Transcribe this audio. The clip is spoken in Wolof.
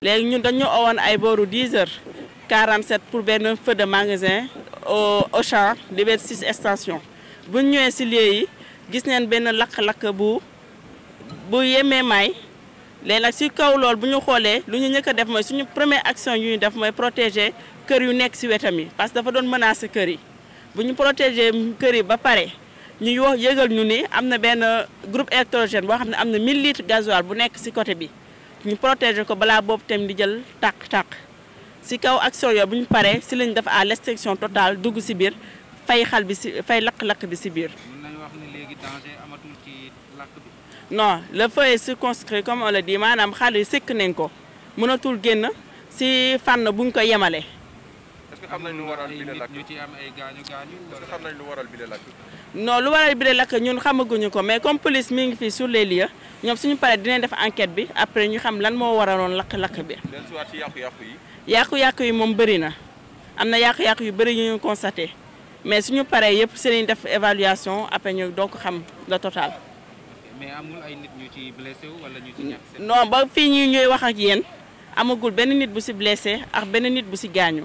léegi ñun dañu owoon ay booru 10 heures 47 pour benn feu de magasin au Auchan Liberté 6 extension bu ñëwee si lieu yi gis neen benn lakk-lakk bu bu yemee may léegi nag si kaw lool bu ñu xoolee lu ñu njëkk def mooy suñu premier action yu ñu def mooy protéger kër yu nekk si wetam yi parce que dafa doon menacer kër yi bu ñu protéger kër yi ba pare ñu wax yëgal ñu ni am na benn groupe électrogène boo xam ne am na 1000 litres gasoil bu nekk si côté bi. ñu protéger ko balaa boobu tam di jël tàq-tàq si kaw action yooyu bu ñu paree si lañ def à l'extinction totale dugg si biir fay xal bi si fay lakk-lakk bi si biir. mën nañu wax ne léegi danger amatul ci lakk comme on maanaam xal yi sëkk nañ ko mënatul génn si fànn bu ñu ko yemale. est-ce ñu ci am ay gaañu gaañu. est-ce que lu waral bi la non lu waral bire de lakk ñun xamaguñu ko mais comme police mi ngi fii sur les lieux ñoom suñu paree dinañ def enquête bi après ñu xam lan moo waraloon lakk-lakk bi. ci yàqu-yàqu yi. yàqu-yàqu yi moom bëri na am na yàqu-yàqu yu bëri yu ñu constaté mais suñu paree yëpp si def évaluation après ñu doog xam le total. mais amul ay nit ñu ci wala ñu ci ba fii ñuy ñuy wax ak yéen amagul benn nit bu si blessé ak benn nit bu si gaañu.